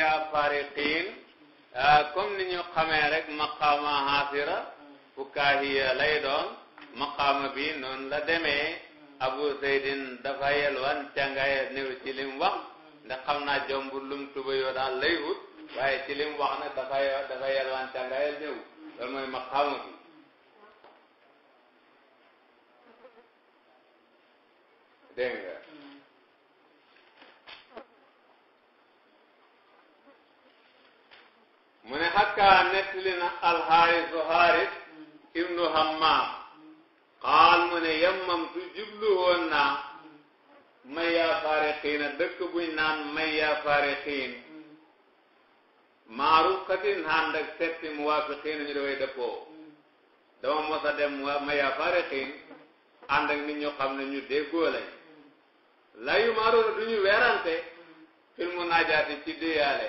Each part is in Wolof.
darajaa fariqin ah, comme ni ñu xamee rek maqaama xaafira fukaahiya lay doon maqaama bi noonu la demee abu zeydin dafa yelwan càngaaya néew ci lim wax ndax xam naa jombul lum tuba yoo daal lay wut waaye ci lim wax nag dafa dafa yelwan càngaaya néew mooy maqaama bi dégg mu ne hakka nettali na alxaaris u xaaris ibnu hammaam xaal mu ne yammamtu jublu woon naa may yaa faarixiina dëkk buy naan may yaa faarixiin maaruf katin ànd ak setti muwaafiqiin ñu daway dëppoo dama mos a dem may faarixiin ànd ak nit ñu xam ne ñu déggoo lañ layu maaroona du ñu weerante fil munaajaati ci déyaale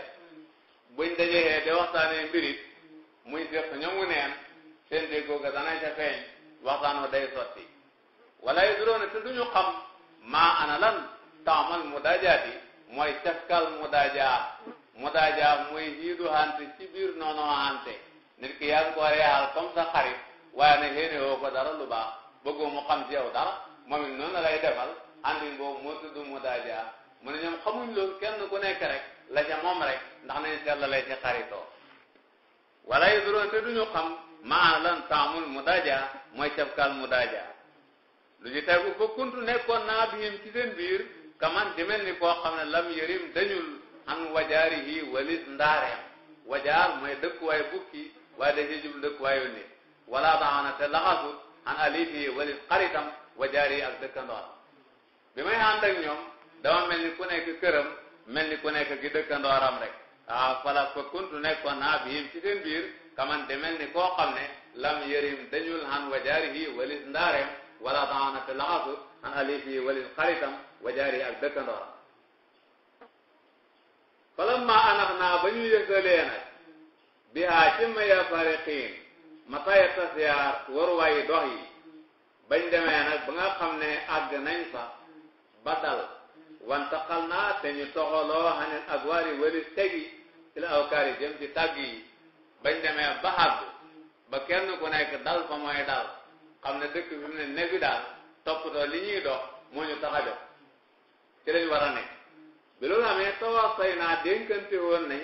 buñ dajee de waxtaanee mbirit muy seq ñomu neen seen déggoo ga dana ca feeñ waxtaanoo day sotti wala yu duroone te duñu xam maa ana taamal mu daajaati mooy caskal mu daajaa mu daajaa mooy hiidu hante ci biir noonu hante nit ki ko reexal comme sa xarit waaye ne xéene woo ko dara lu baax bëggoo mu xam ci yow dara moom it noonu lay defal andi boobu moo tudd mu daajaa mu ne ñoom xamuñ loolu kenn ku nekk rek la ca moom rek ndax nañ seetla lay ci xaritoo wala yu duroo te duñu xam maa lan taamul mu daja mooy cafkaal mu daja lu ci tegu ko kuntu nekkoon naa bihim ci seen biir kaman di mel ni koo xam ne lam yërim dañul an wajaarihi walis ndaareem wajaar mooy dëkkuwaay bukki waaye da ci jub dëkkuwaayu nit wala daana te laxasut an alifi walis xaritam wajaar yi ak dëkkandoon bi may ànd ak ñoom dama mel ni ku nekk mel ni ku nekk ki dëkkandooram rek ah fala fa kuntu nekkoon naa bihim ci seen biir kamante mel ni koo xam ne lam yërim dañul han wajaarihi walis ndaareem wala daana te laxasu an alifi walis xaritam wajaarihi ak dëkkandooram falamma anax naa ba ñu yësalee nag bihaa ci ma ya fariqiin mataya tasiyaar waruwaayi dox yi bañ demee nag ba nga xam ne àgg nañ fa ba dal wantaqal naa te ñu toxaloo xaneen ak waari walis tegi ci la awkaari jëm ci tàgg yi bañ ba àgg ba kenn ku nekk dal fa mooy dal xam ne dëkk bi mu ne nebi daal toppatoo li ñuy dox moo ñu tax a jox ci lañ war a nekk bi loolu amee tawaa say naa dénkante woon nañ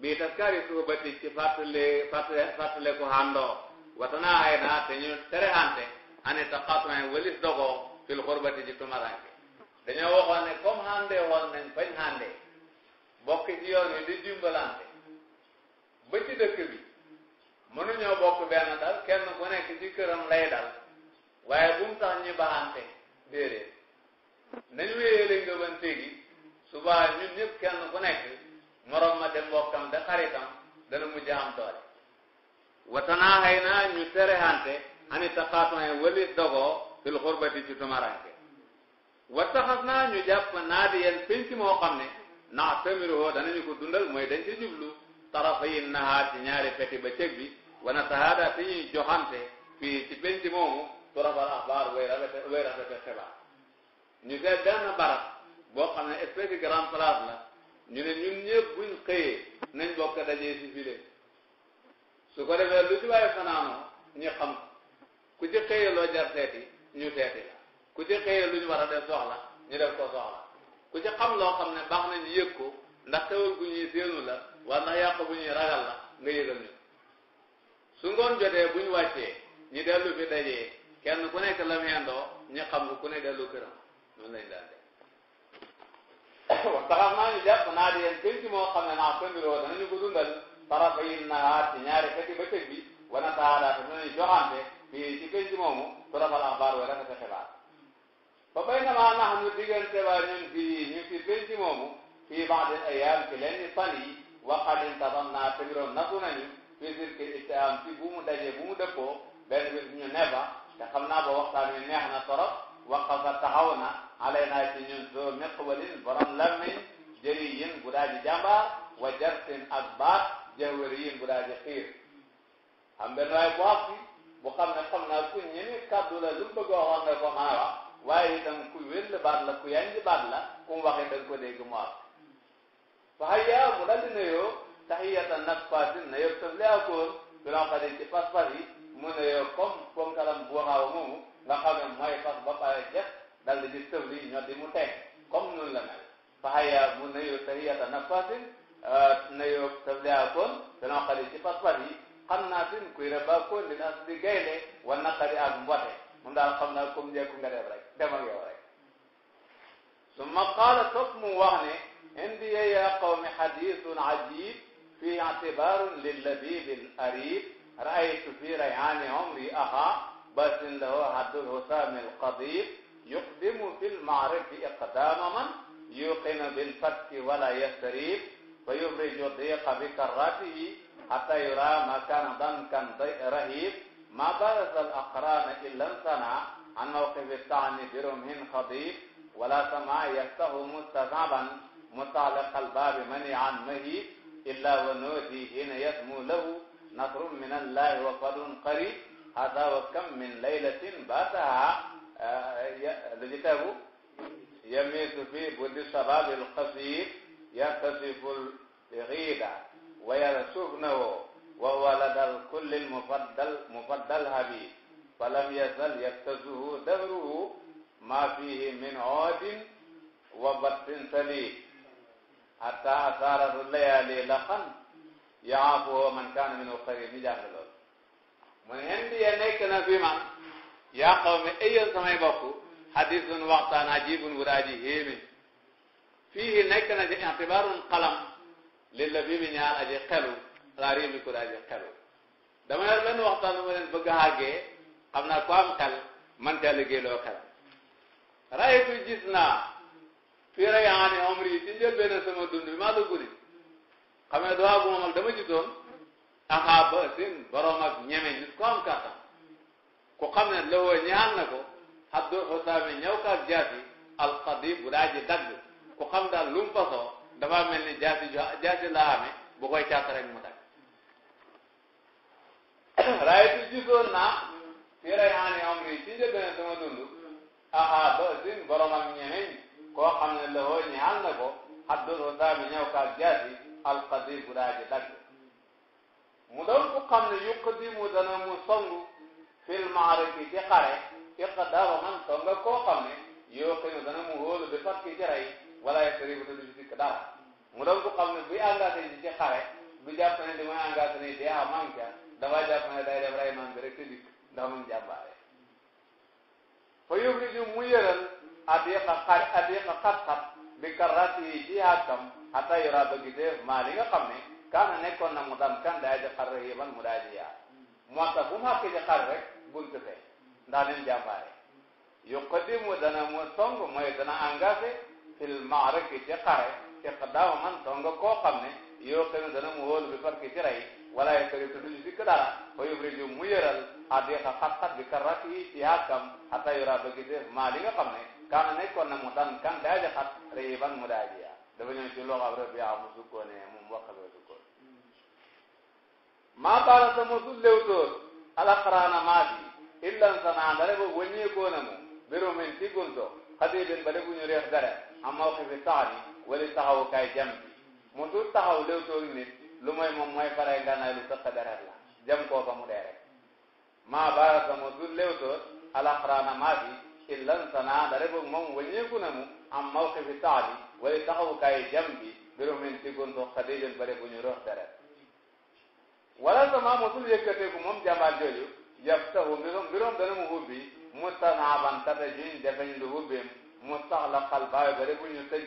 bii taskaari suubati ci fàttale fàttale fàttale ko xàndoo watanaa ay naa te ñu tere ante ani taqaatumaay walis dogoo fil xurbati ci tumaranke dañoo waxoon ne comme hande woon nañ fañ hande bokk ci yoon wi e di dimbalante ba ci dëkk bi mënuñoo bokk benn dal kenn ku nekk ci këram lay dal waaye bu mu tax ñi baxante déedéet nañ wéyale ngëbante e gi subaa ñun ñëpp kenn ku nekk morom ma dem mbokkam de xaritam dana mujj am doole watanaa xëy naa ñu tere hante ani taqaatoon e walis dogoo fil xurbati ci tumaranke wattaxas naa ñu jàpp naa di yéen penc moo xam ne naa tamiruhoo danañu ko dundal mooy dañ ci jublu tarafa yi nahaar ci ñaari feti ba cëg bi wana tahaada te ñuy joxante fii ci penc moomu turafal axbaar way rafete way rafete xibaar ñu seet benn barab boo xam ne espèce grand place la ñu ne ñun ñëpp buñ xëyee nañ bokk dajee si file su ko defee lu ci waaye fanaanoo ñu xam ku ci xëyee loo jar seeti ñu seeti la ku ci xëyee lu ñu war a def soxla ñu ko soxla ku ci xam loo xam ne baax nañu yëg ko ndax xewal gu ñuy séenu la wala ndax yàq bu ñuy ragal la nga yëgal ñu su ngoon jotee bu ñu wàccee ñi dellu fi dajee kenn ku nekk la meendoo ñi xam lu ku ne dellu këram noonu lañ daan def wa taxam naa ñu jàpp naa di yéen penc moo xam ne naa pëndiroo danañu ko dundal tarafa yi naa ci ñaari kati bëccëg bi wana taadaata danañu joxante fii ci penc moomu turafal axbaar wa fa bay na maa nax nu diggante waa ñun fii ñu fi benn moomu fii ba'd al ayyam ci lenn fan yi waqadin taban naa tëbiroon nattu nañu fii sirki ittaam ci bu mu dajee bu mu dëppoo benn bis ñu ne fa te xam naa ba waxtaan wi neex na torop waqafa taxaw na alay naa ci ñun soo miqwalin borom lammiñ jëri yin bu daa ji jàmbaar wa jarsin ak baat jëwëri yin bu daa ji xiir xam benn waay bu xam ne xam naa ku ñi ni kàddu la lu mu bëgg waxoon ne ko mën a wax waaye itam ku wér la baat la ku yanj baat la ku mu waxee danga ko dégg mu am fa hayya mu daal di nuyoo tahiyatan nag fasin na yëpp taf laa koon bi loo xam ne ci pas-pas yi mu nuyoo comme comme kalam bu waxaaw moomu nga xam ne mooy fas ba pare def dal di tëf li ñoo di mu teg comme noonu la mel fa hayya mu nuyoo tahiyatan nag fasin euh, nuyoo taf laa koon bi loo xam ne ci pas-pas yi xam naa fi kuy reba koon dina as di gayle wala naqari ak mbote mu dem ak yow rek su ma qaala toog mu wax ne indiya yaa qawmi xadisun ajib fi itibarun lillabibin arib raaytu fi rayani omri aha basin lahu haddul husami alqadib yuqdimu fi lmaarifi iqdama man yuqinu bilfatki wala yastarib fa yufriju diqa bi karratihi hatta yura makan dankan rahib ma barasa alaqrana illa sana an mawqifi saani birumhin xadif wala sama yaftahu mustazaban mutaaliq albaabi mani an mahi illa wa nooti hina yasmu lahu nasrun min allahi wa fadlun qarib hada wa kam min laylatin baataha lu ci tegu yamiitu fi buddi sababi alqasir yartasifu alxiida wa yarsufnahu wa huwa lada alkulli almufaddal mufaddal habib falam yazal yaktasuhu dahruhu ma fihi min oodin wa battin salih hatta asaarat layaali laqan yaafuhu man kaana min qarib mi jàng lool mu ne hen ndiye nekk na fi man yaa qawmi ayéen samay bokk hadisun waxtaan ajibun wuraaji héemi fiihi nekk na ci intibaarun qalam lilla bi mi ñaar aji xelu xaari mi ku daaji xelu dama yor benn waxtaan bu ma leen bëgg a àggee xam na ku am xel man caa liggéeyloo xel raytu gis naa fii rayaani omri yi ci njëlbéen sama dund bi maa la guddi xam ne doo bu ma mag dama gisoon axaaba sin borom ak ñeme nit ku am kàttan ku xam ne lowoo ñaan na ko xaddu xusaami ñëw kaak jaasi alqadi bu daa ji ku xam daal lu mu dafa mel ni jaasi jo jaasi laa bu koy càtt rek mu dagg raytu gisoon naa fii rek aani am ri ci na sama dund hmm. aha ba sin borom ak ñemeñ hmm. koo xam la woo ñaal na ko xaddul hmm. hudaa bi ñëw kaag jaasi alqadi bu daa ji dagg mu doon ku xam ne yuqdimu dana mu songu fil maaraki ci xare iqdaama man songa koo xam ne yoo xëy dana mu wóolu di fakki ci rey wala yasri bu dana ci sikk dara mu doon ku xam ne buy engagé ci xare du jàpp ne li muy engagé ne dee am am ca dafay jàpp ne day def rey man bi rek te ndax moom jàmbaare fa yóbbu ñu mu yëral adiqa xar adiqa xat-xat bi karrati yi ci àggam xata yora ba gisee maa li nga xam kaana nekkoon na mu daan kan daay di rek yéban mu daay di moo tax bu mu ci xar rek bunt fee ndax leen jàmbaare yuqadimu dana mu song mooy dana engagé fil maaraki ci xare iqdaama man song koo xam ne yoo xam ne mu wóolu bi farki ci rey wala ay këri te duñu dikk dara fa yubriju mu yëral adiqa xat-xat bi karrati yi ci àkkam xata yura ba gisee maa li nga ne kaana na mu dan kan daaji xat réyiban mu daaji yaa dafa ñëw ci loxo ab rabia mu sukkoone moom wax ba sukkoon maa baala sama su lewtoon alaxaraana maa bi illan sanaa dara ba wëññeekoo na mu biru min ci gunto xadii bin ba defuñu réex dara am mawqifi taxani wali taxawukaay jam bi mu tuut taxaw lu mooy moom mooy pare gànnaay lu sëq deret la jëm koo fa mu dee rek maa baara sama du lewtoo alaxraana maa fi illan sanaa dara boog moom wàññeeku na mu am mawqifi taali wala taxawukaayu jam bi biro min ci gonto xadijën bare bu ñu rox deret wala sama mosul yëkkateeku moom jàmbaar jooju yaftahu mbirom mbirom dana mu hubbi mustanaaban tata jiñ defeñ lu hubbeem mustaxlaqal baawe bare bu ñu tëj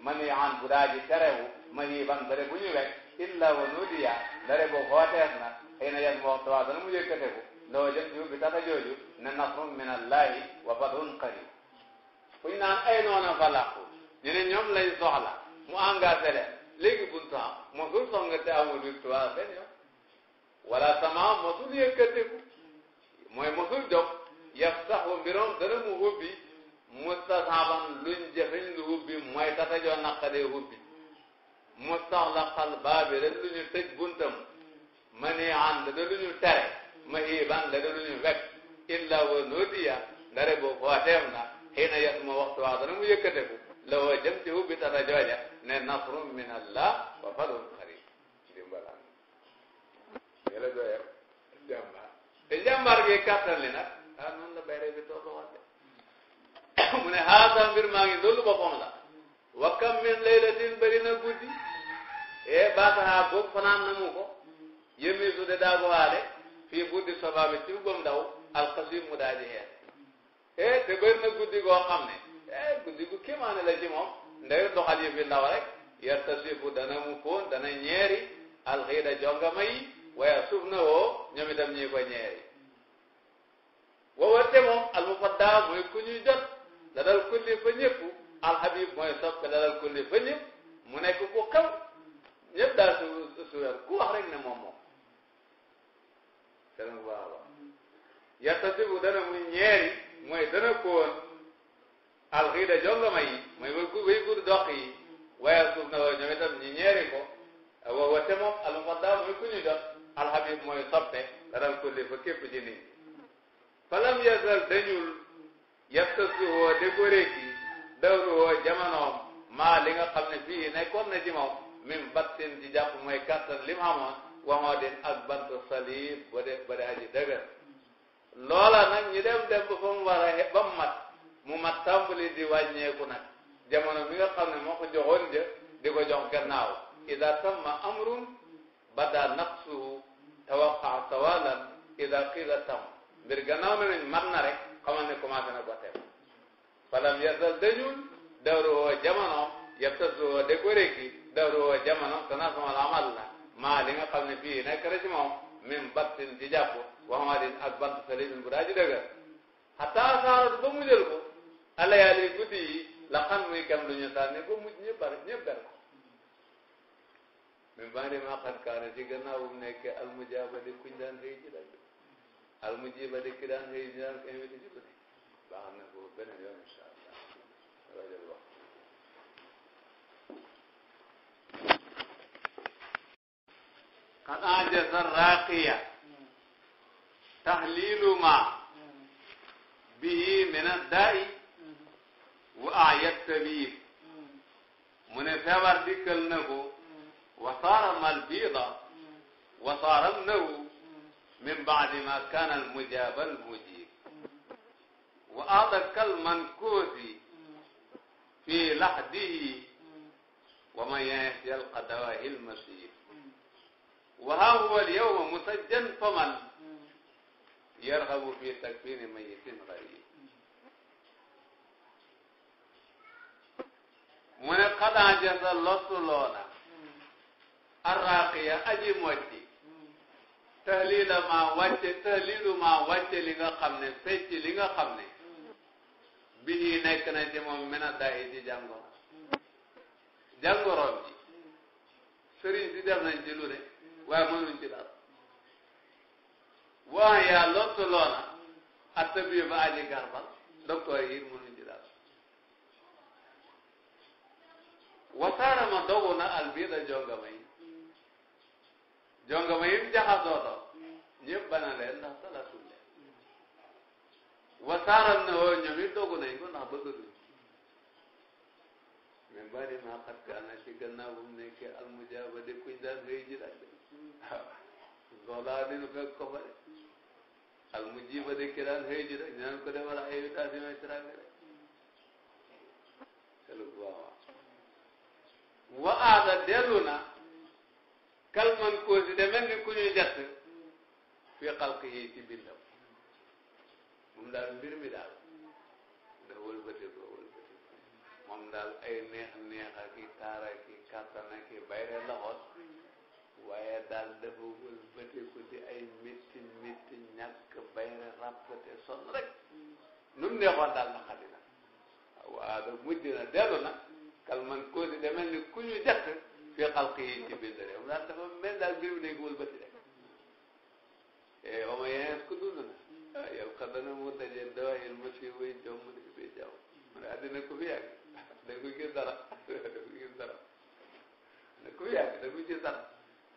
mani an bu daaji terewu mahiban bare bu ñu illa wa nudiya lare boo xootees na xëy na yan waxtu waa dana mu yëkkate ko loo jëm ci bi tata jooju ne nasrun min allahi wa fathun qarib fu ñu naan ay noona fa làqu ñu ne ñoom lañ soxla mu engagé leen léegi buntu am mosul songa te amul victoire benn yoon wala sama mosul yëkkateku mooy mosul jóg yaf saxu mbiroom dana mu hubbi mustasaban luñ jëfiñ lu hubbi mooy tata joo naqadee hubbi mustaxlaqal baabi la lu ñu tëj buntam ma nii an la ma hiiban la da lu illa wa nudiya ndare boobu waateem na xëy na yat ma la woo jëm ci ubbi li nag ah noonu la bi toll waxte mu ne xaaral mbir maa ngi loolu wa kam min laylatin bëri na guddi e, baataha góob fanaan na mu ko yemmi su de daagu haale fii buddi ci gom daw alxasim mu daaji xeer e, te bëri na guddi goo xam ne e guddi gu kéemaane la ci moom nday doxal yëfi ndaw rek yartasifu dana mu foon dana ñeeri alxiida jongama yi waaye suuf na woo ñoom itam ñi ko ñeeri wawate moom almufaddaa mooy ku ñuy jot la dal kulli fa ñëpp alhabib mooy soppe dalal kulli fa ñëpp mu nekk ku xew ñëpp daal su suwel ku rek ne moom moom dana waawa yartasibu dana mu ñeeri mooy dana koon alxiida jongama yi mooy way gu way gudu dox na woo ñoom itam ñi ñeeri ko wa wate moom almuqaddam mooy ku ñu def alhabib mooy soppe dalal kulli fa képp ci nit ñi falam yasal dañul yartasibu woo de ko réegi dawru woo jamonoom maa li nga xam ne fii nekkoon na ci moom min battin ci jàpp mooy kattan li mu amoon waxoo din ak bant salib ba de aji dëgër loola nag ñu dem dem ba fa mu war mu mat mu di wàññeeku nag jamono bi nga xam ne moo ko di ko gannaaw ida tamma amrun bada naqsuhu tawaqaa tawalan ida qila tam mbir gannaaw ne nañ mat na ne commencé na ba falam yazal dañul dawru woo jamono yabtasu woo décoré ki dawru woo jamono tanafamal amal la maa li nga xam ne bii nekk na ci moom min battin ci jàpp waxamaadin ak bant salimin bu daa ji dëgër xataa saarat ba mu jël ko alayaal yi guddi yi la xam muy kam lu ñu sànni ba mujj ñëpp bari ñëpp ber ko min bandi maa xat kaana ci gannaaw bu mu nekkee almujaaba di kuñ daan xëy ci dagg almujiba di ki daan xëy ñu daan invité ci baax na ko beneen yoon incha allah waajal waxtu qad ajasa raqiya tahlilu ma bihi min addaa'i wa ayat tabib mu ne feebar dikkal na ko wasaara malbida wasaara nahu min baadi ma kaana almujaaba almuji wa aada kal mankuusi fi laxdihi wa man yalqa dawaahi lmasir wa haa huwa alyawma musajjan faman yarghabu fi takfini mayitin gharib mu ne xadaa jasa lottuloona arraaqiya aji mocci tahlila maa wàcce tahlilu maa wàcce li nga xam ne fecc li nga xam ne bii nekk na ci moom mena daa yi ci jàngoro jàngoroom ji sëriñ si def nañ ci ne waaye mënuñ ci dara yaa lottu loona atta bii ba aji garbal docteur yi mënuñ ci dara ma dogu na albiida jongama yi jongama yi mu jaxasoo do ñëpp bana leen ndax wasaaral na woo ñoom it doogu nañ ko ndax bëggaduñ mais bari naa kaana ci gannaaw bu mu nekkee almujaaba de kuñ daan ngay ji laaj de waaw soxlaa dina ko fa de almujiba de ki daan ji rek ñaan ko defal ay invitation ci ràng rek kelu waaw wa aada dellu kalman koosi de mel ni ku ñuy jatt fi xalq yi ci bindam moom daal mbir mi daal da wëlbati ko wëlbati ko moom daal ay neex neex ak i taar ak i kàttan bayre la xos waaye daal dafa wëlbati ko di ay métti métti ñàkk bayre rappate son rek nu mu daal la xadina da mujj na kal man koo di ni ku ñu jàkk fi xalq yi ci bind moom daal dafa mel daal mbir mi day wëlbati rek e eh, oma yeneen ku dund na ah yow xam nga nu mu dajeel dawaa yéen mos yi wéy jom mu nekk fii jaww mu ne ah dina ko fi yàgg da ko gis dara da ko gis dara da ko yàgg da ko gis dara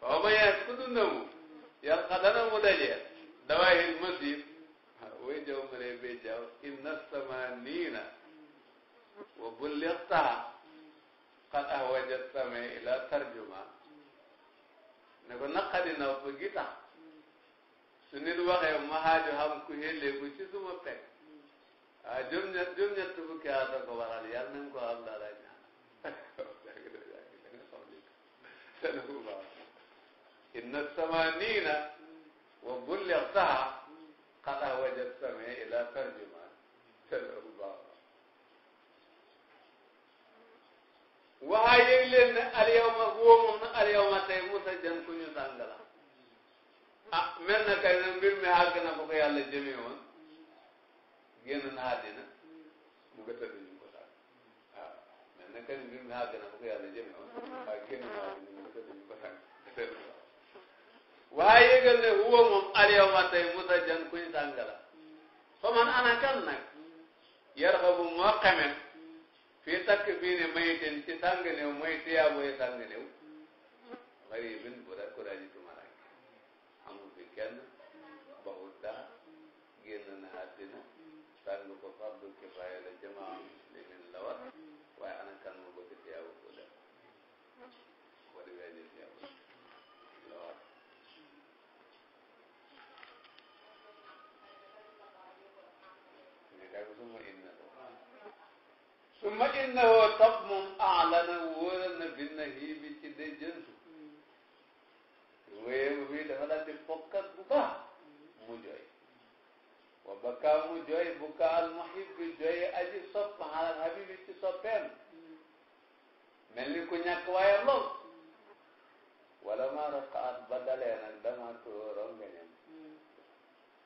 waaw ba yàgg ku dund mu yàlla xam dana mu dajeel dawaa yéen mos yi wéy jaww mu nekk fii jaww inna samaniina wa bullixtaha qad ahwajat sama ila tarjuma ne ko naqari na fa gi tax su nit waxee ma xaaju xam ku xelleeku ci suma peg hmm. ah juróom-ñett juróom-ñett fukki at a ko waral yàlla nañ ko am dara ñaan inna samanina wa bullex saha xada wajat same ila tarjuman teloolu baax waxaa yëg leen ne alyawma woo moom na alyawma tey musa jan ku ñu sàng la ah mel na kay ne mbir mi àgg na ko ko yàlla jëmee woon na àddina mu nga tëdd ko sàkk waaw mel na kay ne mbir mi àgg na ko ko yàlla jëmee woon waaye na huwa moom alyawma tey mutajan kuñ sàng la man ana kan nag moo xamee fii takk fii ne mayitin ci sàng néew mooy tiyaaboy sàng néew xari bin bu da ko daaji génn na àddina fàgg mm. ko fardu kifaaya la jamaa muslimin la war mm. waaye ana kan mu bëgg tiyaabu ko def ko defee ni tiyaabu la war ni dag suma inna ko suma inna ko topp moom aalana wóoral na binna hii bi ci de jëntu mm. wéyee mu bii dafa daal di fokkat bu baax mu jooy ba kaamu jooy bu ka al muhibbi jooy aji sopp xalal habibi ci soppeem mel ni ku ñàkk waaye lool wala maa raqaat ba dalee dama tuuroo rongañam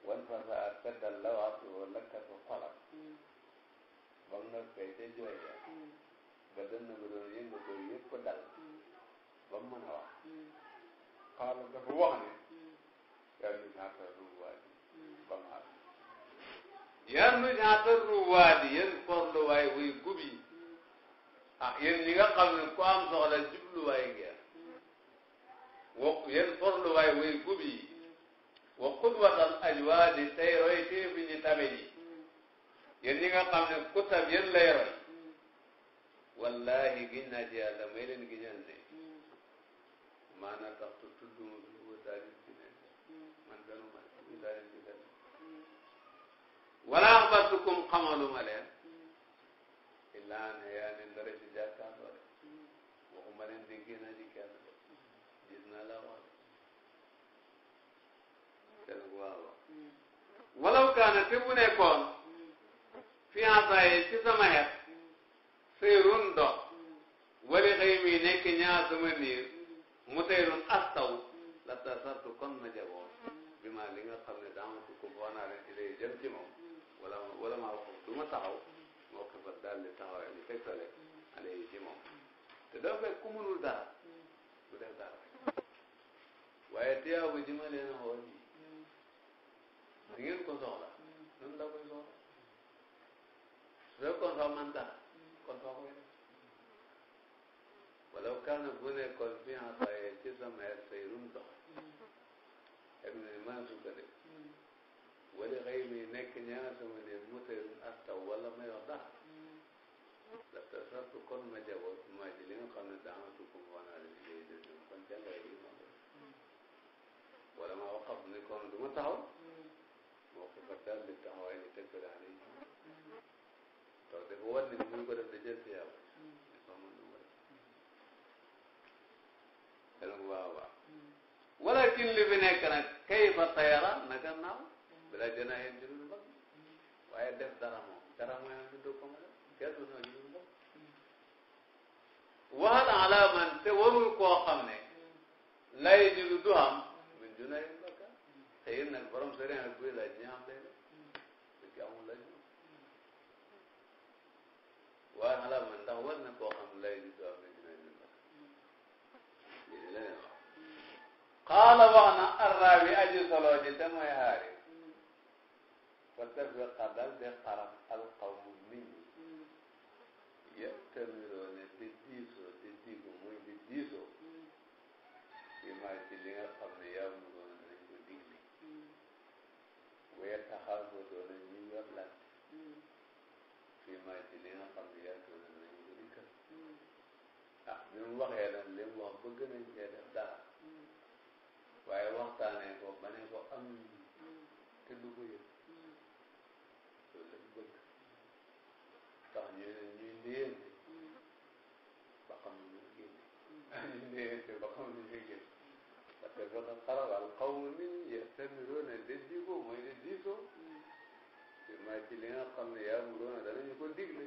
wan fasaat feddal la waatuwoo lakkatu xolam ba mu noppee ca jooy ya ba dënn ba doon yëngatu yëpp dal ba mu mën a wax xaala dafa wax ne hmm. yaa ngi naa ta ruwaati yan nu ñaatar nu waadi yan forluwaay wuy gubi ah yéen ñi nga xam ku am soxla jubluwaay ngeen wo yan forluwaay wuy gubi wa qudwatal ajwaadi tey roy téefi ñi tabe yi yéen ñi nga xam ku tab yéen lay roy wallahi giñ naa ci yàlla may leen giñal ne maanaa tax tu tudduma bi wutaali ci ne man ganu ma wutaali wala axbartukum xamaluma leen illa an yaa leen dara ci jàkkaarloo de waxuma leen déggee naa la wax de te waaw walaw kaana te nekkoon fiança yi ci sama xet séerun wali xëy mi nekk ñaar sama mu teyrun astaw la tasartu kon ma bi ma li nga xam ne dama ko ko boonaa leen ci lay jëm wala wala maa ma taxaw moo ko fa daal di taxawee di tegtale mm. alayhi ci moom te doo fekk ku mënul dara bu mm. def dara waaye tiyaa bu ji ma leen xool di mm. ngeen ko soxla noonu la koy soxla su fekkoon sax man dara kon soo koy def wala kaana bu nekkoon fi en ci sama sayrum dox. wala xëy mi nekk ñaana sama ne mutal ak taw wala may wax dara mm. dafa sartu kon ma jaboot ma ji li nga xam ne daanatu ko wanaa li léegi de ñoom kon jàngale bi ma ko ma waxab mm. ne kon du ma taxaw mm. moo ko fa daal di taxawaay ni tëgg daa ni taw dafa war ni da ma def dana ko baax a baax walakin li fi nekk nag kay fa na naka naaw bila jënaaxin ci lu mbokk waaye def dara moom dara mooy am juddoo ko ma def kenn du noonu lu mbokk waxal ala man te warul koo xam ne lay ji lu du am min junay mbakka xëy nag borom sëriñ ak buy laaj ñi xam lay def dëkk amul laaj moom waaye ala man ndax war na koo xam lay ji du am min junay mbakka qaala wax na arraawi aji solo ji te mooy xaari wala bi xadal de xaram alqawmu nit ñi yettamiloo ne di diisoo di digu muy di diisoo bi maa ci li nga xam ne yaamuloon nañ ko digle wee taxaabotoo na ñuy werlante fi maa ci li nga xam ne yaatoona nañ ko dikkal ah bi mu waxee nag li mu wax bëgg nañ cee def dara waaye waxtaanee ko ba ne ko am te du ko ñuy ñuy ndéyante ba xam ne ñuy génne ñuy ndéyante ba xam ne ñuy génne parce que dafa xarabal xaw ma nit ñi yastamiruuna ne de di ko mooy de diisoo ma ci li nga xam ne yaamuruuna danañu ko digle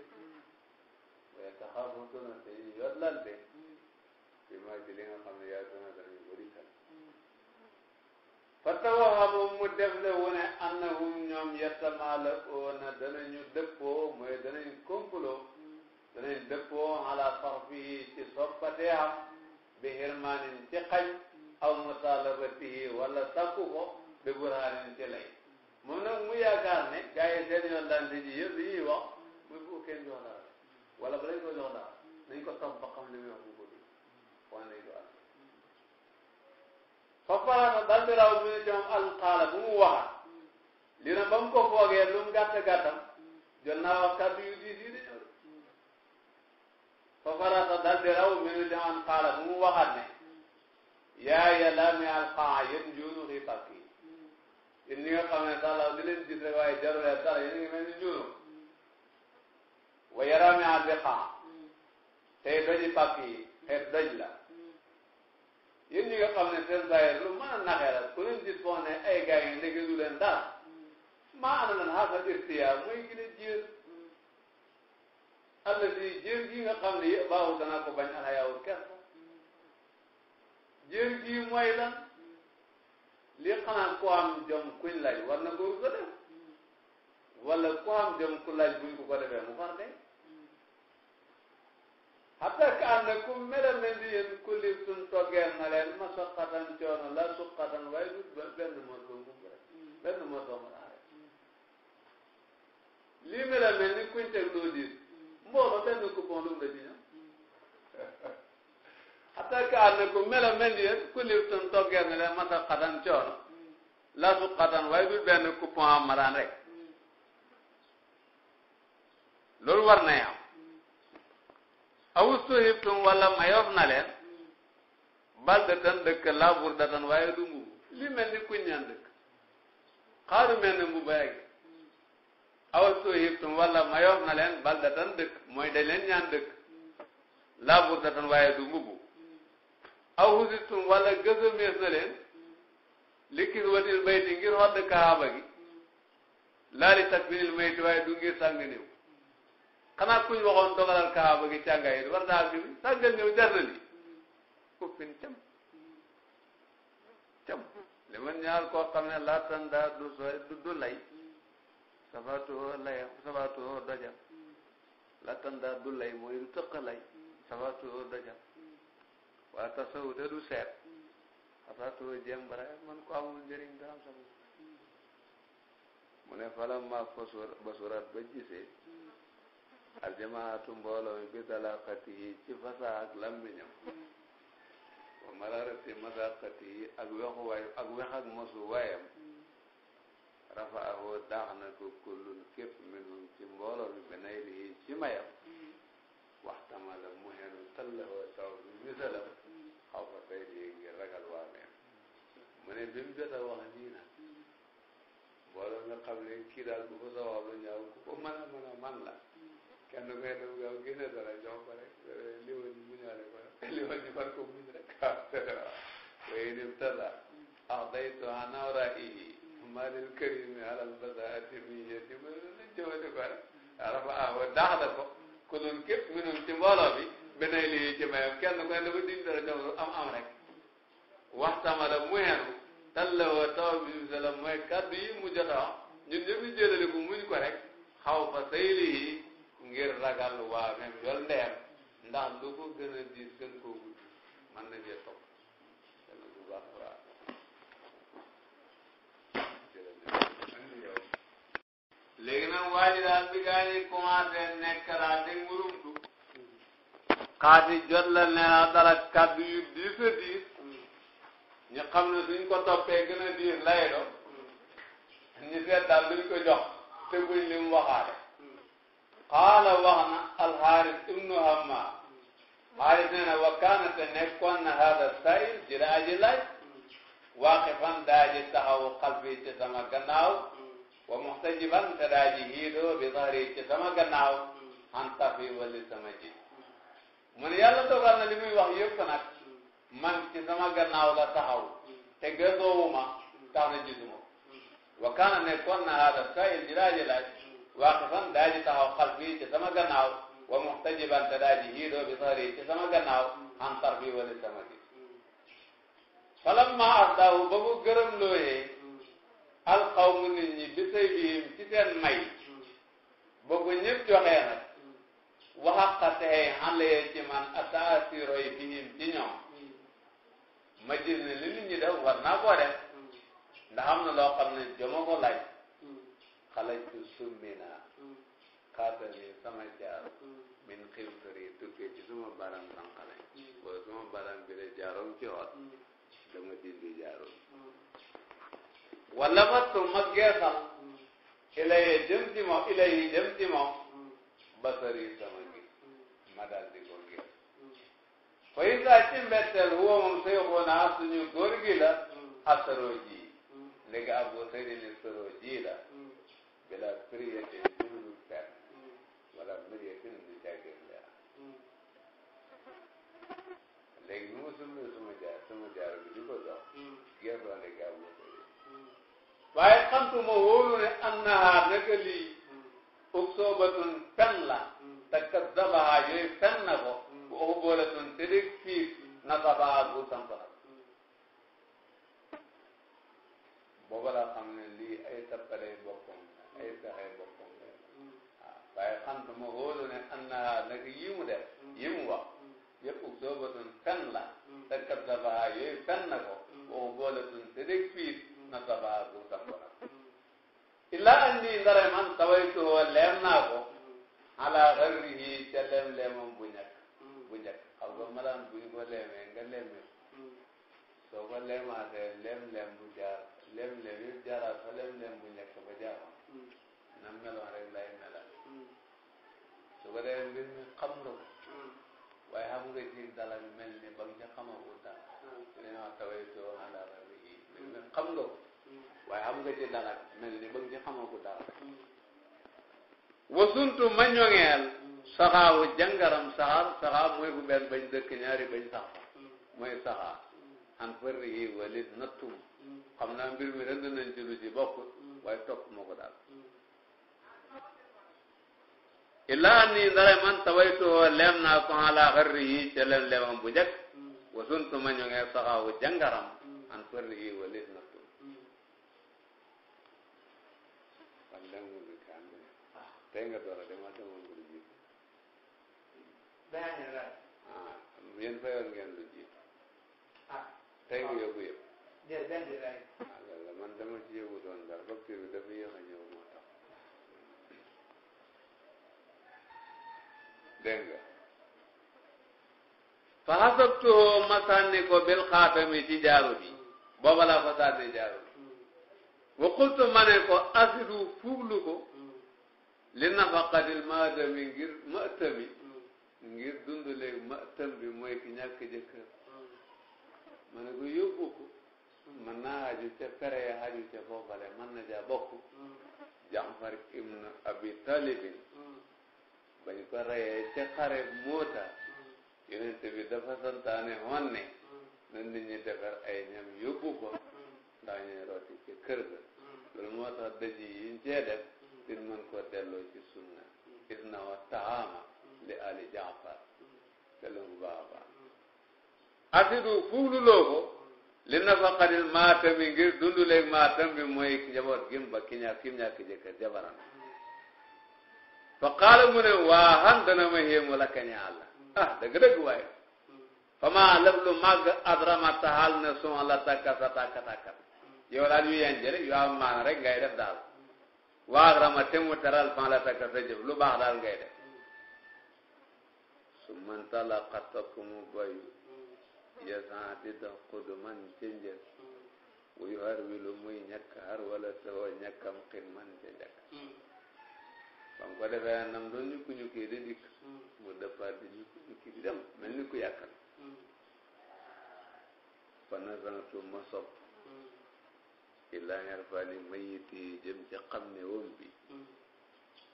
wa yataxaafatuuna te ñu yotlante ma ci li nga xam ne yaamuruuna danañu ko digal fatawaxamu mu def le wu ne annahum ñoom yatamaalaoona danañu dëppoo mooy danañ comp dëppoo ala sarfihi ci soppatee am bi hirmaanin ci xaj aw mutalabatihi wala sakku bi burhaanin ci lay moom nag mu yaakaar ne gars yi seen ji yëpp li wax muy bu kenn jox dara ba lañ ko jox dara nañ ko topp ba xam li muy wax mu di wan lay doon fafara dal di raw mu ne ci li na ba mu ko foogee lu mu gàtt gàttam jot naa wax kàddu yu diis yi de fafarata dal di raw minu li man xaala mu waxaat ne yaa mi alxaa yéen njuunu xii pàkk yi yéen ñi nga xam ne sax la di leen gis rek waaye jarulee dara yéen ngi mel ni njuunu wa yara mi albi xaa tey doji pàkk ne seen bàyyi lu mën a naxee la ku leen gis foo ne ay gars yi ndeke du leen dara maa alladi jër gi nga xam ne baaxu danaa ko bañ alxayaawul kersa jër gi mooy lan li xanaa ku am jom kuñ laaj war na ko rusa def wala ku am jom ku laaj buñ ko ko defee mu far de hatta ka ànd ku melal na ni yéen ku lib suñ toggeen na leen ma soqatan coono la suqatan waaye du benn morceau bu rek benn morceau mu rek lii melal mel ni kuñ teg loo diis mbooloo ten na ko bon lu nga dina ataka an na ko mela mel yéen ku liw tun toggeel mata xatan coono la su xatan waaye du benn coupon am rek loolu war na yam awustu hiptum wala mayof na leen bal da tan dëkk labour da tan waaye du li mel ni kuñ ñaan dëkk xaaru mel ni mbubu rek aw tuhibtum wala mayof na leen baldatan dëkk mooy dañ leen ñaan dëkk laa burdatan waaye du mbubu aw husistum wala gësamees na leen likkis watil bayti ngir xodd kaaba gi laali takbinil mayti waaye du ngir sànni néew xanaa kuñ waxoon dogalal kaaba gi càngaay yi war naa bi sàngal néew jar na lii kuffin cam cam li man ñaar koo xam ne laa tanda du so du lay sabaatoo lay sabaatoo dojam la tanda du lay mooy du tëq lay sabaatoo dojam waa tasawu du seet xasaatoo jéem bare man ko amul njëriñ dara sama mu ne fala ma fasur basurat ba gisee aljamaatu mbooloo mi bi dalaqati yi ci fasaa ak lambiñam wa mararati masaqati yi ak wexu waay ak wex ak mosu waayam rafaahu daax na ko kullun képp minhum ci mbooloo mi benay lii ci mayam waxtama la mu xenu tallahu taw bi misalam xaw fa tey lii ngir ragal waa mu ne bi jot a wax nii nag mbooloo nga xam ne kii daal bu ñaaw ku ko mën a mën man la kenn koy def gaaw génne dara jox ko li woon ñu muñaale ko li woon ñu far ko muñ rek waaw waaye maalil karimi alal ma ne la jëmale ko rek arafa awa daax la ko ku doon képp minum ci mbooloo bi benay lii ci mayam kenn ku ne dafa diñ dara am am rek waxtamala mu henu tallawoo taw bi sala mooy kaddu yi mu jota wax ñun ñëpp ñu jëlale ko muñ ko rek xaw fa say lii ngir ragal waa même yol ndeer ndax lu ko gën a diis gën koo gudd mën na jee topp léegi nag waa ji daal bi gaa yi commencé jot la ne la dara kàddu yu diis a diis ñu toppee gën a diis lay doon ñu seet daal duñ ko jox te buñ li mu wax na alxaaris ibnu hammaa xaaris nee na wa kaana te nekkoon na hada sail ji daa ji laaj waaqifan daa ji taxaw xal bi ci gannaaw wa muxtajiban te daa ji hiidoo bi zahri ci sama gannaaw an safi wali sama ji mu ne yàlla dogal na li muy wax yëpp nag man ci sama gannaaw la taxaw te gëstoowuma tax na gisuma wa kaana nekkoon na hada sail ji daa ji laaj waaqifan daa taxaw xalfi ci sama gannaaw wa muxtajiban te daa ji hiidoo bi zahri ci sama gannaaw an safi wali sama ji falamma asdaahu ba mu gërëm looyee al qawmu nit ñi bi say lihim ci seen may boo ko ñëpp joxee nag waxaqatee ci man ataasiroy bihim ci ñoom ma ji ne li nit ñi def war naa koo def ndax loo xam ne joma ko laaj xalajtu summina kaatani sama jaar min ximtari tukkee ci suma baram sànqale wala suma baram bi de jaaroom ci xoot dama dindi jaaroom wala mattu mag geesam ilaye jëm ci moom ilaye jëm ci moom basari sama gis ma daal di ko gis fay saa ci mbetteel woo moom say xoonaa suñu góor gi la asaro ji léegi abu saydi ni soro ji la bila priété dulu pen wala priété du jàggin leer léegi nu ma sumee sama jaar sama jaar bi di ko dox geesoo ne gaabu saydi waaye xamtu ma wóolu ne annaha naka lii uksoobatun fen la te kaddabaha yooyu fen na ko bu uxboolatun te dég fiir nasabaha gu sampala booba laa xam ne lii ay tappalay boppam ay pexey boppam la waaw waaye ma wóolu ne annaha naka yi mu def yi mu wax yëpp uksoobatun fen la te kaddabaha yooyu fen na ko bu uxboolatun te dég na sabaa du takkona illaa andi ndare man tawaytuhu leem naa ko ala xarrihi ca leem leemam bu ñàkk bu ñàkk xam nga malaan bu ñu ko leemee nga leeme soo ko leemaatee leem leem bu jaar leem leem yëpp jaaraat fa leem leem bu ñàkk ba jaaroon na meloon rek lay melal su ko defee mbir mi xam nga ko waaye xam nga ci dalal mel ni ba nga ca xamagul dara li ñuy wax tawaytuhu ala xarrihi xam nga ko waaye xam nga ci dara mel ni ba nga ci xamagu dara wasuntu ma ñoŋeel saxaawu jàngaram saxaar saxaar mooy bu benn bañ dëkk ñaari bañ sax fa mooy saxaar fërri yi walit nattum xam naa mbir mi rëdd nañ ci lu ci bokk topp ma ko daal illaa ni dara man tawaytuhoo leem naa ko ala xarri yi ca lem lemam bu njëkk wasuntu ma ñoŋeel saxaawu jàngaram an përli yi walis na tun kon demul bi kaan bi door a demal demul nga lu jiitu ah. benn la ah yéen fayoon ngeen man dama ci yóbbu doon dara facture bi dafa yéex a ñëw moo tax dégg nga ma sànni ko bil xaatami ci jaaru booba laa fa daal di jaarul wa qultu ma ne ko asidu fuuglu ko li nafaqatil maadami ngir matami ngir dund léegi bi mooy ki ñàkk jëkkër ma ne ko yóbbu ko naa aju ca pere ya aju ca boobale mën na ja bokk Jaafar ibn Abi Talibin bañ ko ca xare Muuta yonent bi dafa santaane woon ne na nit ñi defar ay ñam yóbbu ko ndax ci kër ga mm-hmm. loolu moo tax dëj yi yiñ cee def mm-hmm. mën ko delloo ci sunna is na wa taama mm-hmm. li ali jaafar delloo bu baax a baax asidu fugluloo ko li nafaqatil maatam bi ngir dunduleeg maatam bi mooy njaboot gim ba ki ñaa kim ñàkk jëkkër jabaram fa qaala mu ne waahan dana ma héemu la kañaal ah dëgg-dëgg waaye fama lëf lu màgg adrama taxal na suma la takka sa takka takka yow daal yu yenje rek yu am maana rek ngay def daal waa adrama te mu teral fan la takka sa jëf lu baax daal ngay def su man talaqa topp mu bayu yasan di dox xuduman ci njël wuyu har wilu muy ñàkk har wala sawoo ñàkkam xin man ca njàkk bam ko defee nam doon ñukku ñukki di dikk hmm. mu dëppaat di ñukku ñukki di dem mel ni ku yàkkal fa nazartu ma sopp ilaa irfaani mayiti jëm ci xam ne woon bi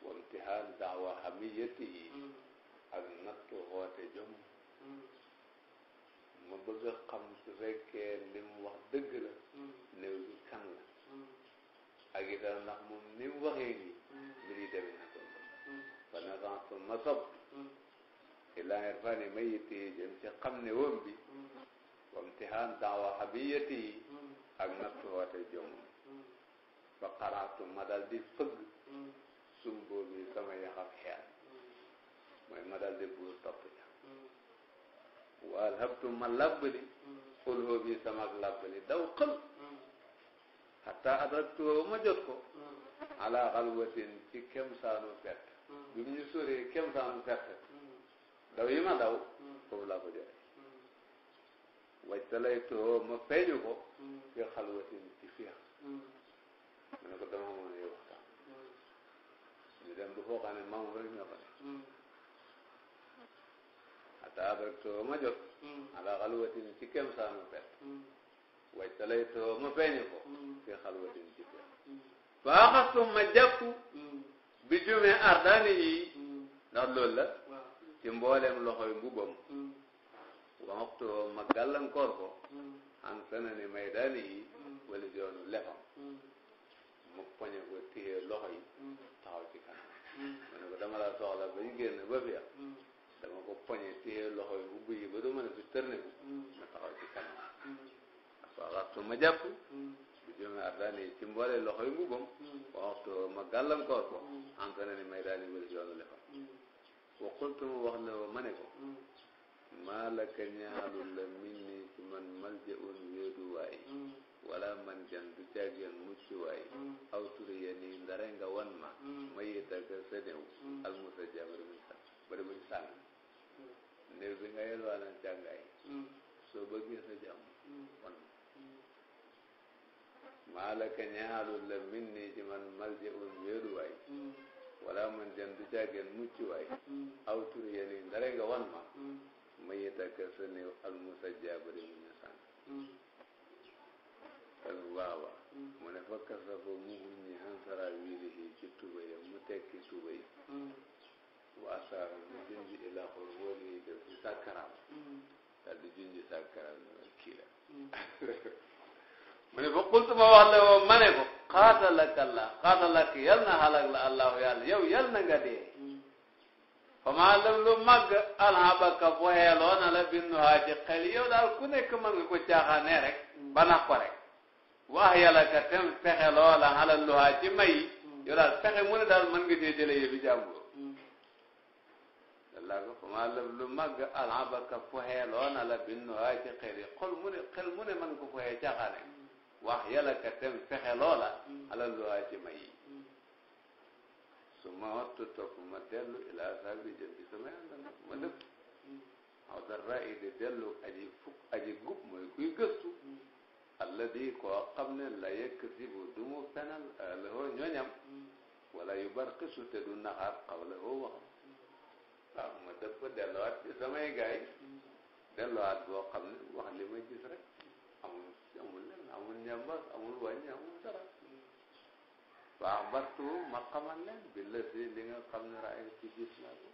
wamtihaan daawa xamiyati yi ak nattu xoote jom ma bëgg a xam su fekkee li mu wax dëgg la néew bi kan la ak itam ndax moom ni mu waxee nii mbir yi demee na ko fa nazartu ma sopp ilaa irfaani mayiti jëm ci xam ne woon bi wamtihaan daawa xabiyati ak nattu wate jomam ba xaraatu ma dal di fëgg sumboo bi sama yax ak xeer mooy ma dal di buur topp ja waal habtu ma labbali xulhoo bi sama ak labbali daw xël xataa adraktuhoo ma jot ko ala xalwatin ci kem saanu fett bi mu ñu sóoree kem saanu fett daw yi ma daw foofu laa ko jotee wajtalaytuhoo ma feeñu ko fi xalwatin ci fiix mu ne ko dama amoon yow waxtaan ñu dem bu foogaa ne maamu rek ñoo ko ne xataa adraktuhoo ma jot ala xalwatin ci kem saanu fet wajtalaytuhoo ma feeñu ko fi xalwatin ci fiix faa xastu ma jàpp bi jumee ardaani yi ndax loolu la ci mbooleem loxoy mbubam waxtu ma gàllankoor ko hmm. an sanani may daani yi hmm. wala yoonu lefam hmm. mu poñe ko téye loxo yi taxaw ci kanam ma ne dama la soxla ba ñu génn ba fi dama ko poñe téye loxo yi ubbi yi ba du mën a fi tërne ma taxaw ci kanam waxtu ma jàpp bu jëmee ardaani yi ci mboole loxo yi mbubam waxtu ma gàllankoor ko an sanani may daani wala yoonu lefam wa qultu wax la ma ne ko a ñaalu la min ni ci man malja un wéedu waay mm. wala man jan du caageen mucc waay mm. aw turiya nii ndare nga wan ma mm. ma yitaka sa néew almusa ja bari buñ sàng bari bi nga yelwaana càngaay soo bëggee sa jàmm wan ma maalaka ñaalu la min ci man malja un wéedu waay wala man jan du caageen mucc waay aw turiya nii ndare nga wan ma ma yitaka sa néew al musa jaabari mu ñu mm. sànq al waawa mm. mu ne fa kasa fa mu huññi hansara wiilihi ci tubaya mu tekki tubaya mm. wa asaara mu junji ila xol wóolu yi def ci sàkkaraam daal di junji sàkkaraam ne ma kii la mu ne fa qultu ma wax la woo ma ne ko xaatalaka la xaatalak yal na xalak la allahu yàlla yow yal na nga dee fama lam lu màgg alhabaka foxeeloo na la binnuhaa ci xel yow daal ku nekk mën nga ko caaxaane rek ba nax ko rek wax yàlla ka tem fexe loola xalal luhaa ci may yow daal fexe mu ne daal mën nga cee jële yëfi jàmbur laa ko fama lam lu màgg alhabaka foxeeloo na la binnuhaa ci xel yi xol mu ne xel mu ne mën nga ko foxee caaxaane wax yàlla ka tem fexe loola xalal luhaa ci may su ma wattu topp ma dellu ilaa saabi jëm ci sama yàlla nag ma def aw dara yi di dellu aji fukk aji gub mooy kuy gëstu alladi koo xam ne la yëkk si bu du mu fenal alahoo ñoñam wala yu barqisu te du naxaat xaw la hoo waxam waaw ma def ko delluwaat ci samay gaay delluwaat boo xam ne wax li ma gis rek amul amul leen amul ñambas amul wàññi amul dara waaw axbartu ma xamal leen bi la si li nga xam ne raay ci gis naa ko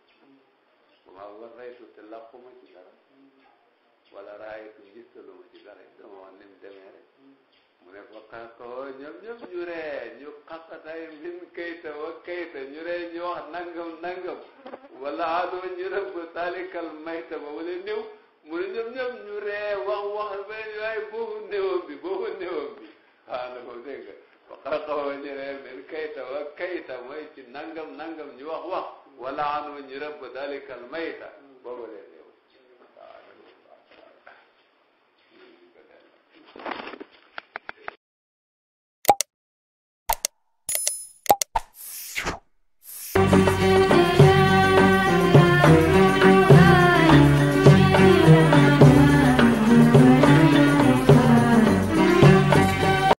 ma war raytu te làquma ci dara wala raaytu gistaluma ci dara dama wax ni mu demee rek mu ne fa xaqoo ñoom ñoom ñu ree ñu xaqatay min kayta wa kayta ñu ree ñu wax nangam nangam ba wala néew mu ne ñoom ñoom ñu ree wax wax ba waqara xawa ñëwee bil kayta wa kayta mooy ci nangam nangam ñu wax wax wala anu ñu rëbb dalikal mayta boobu de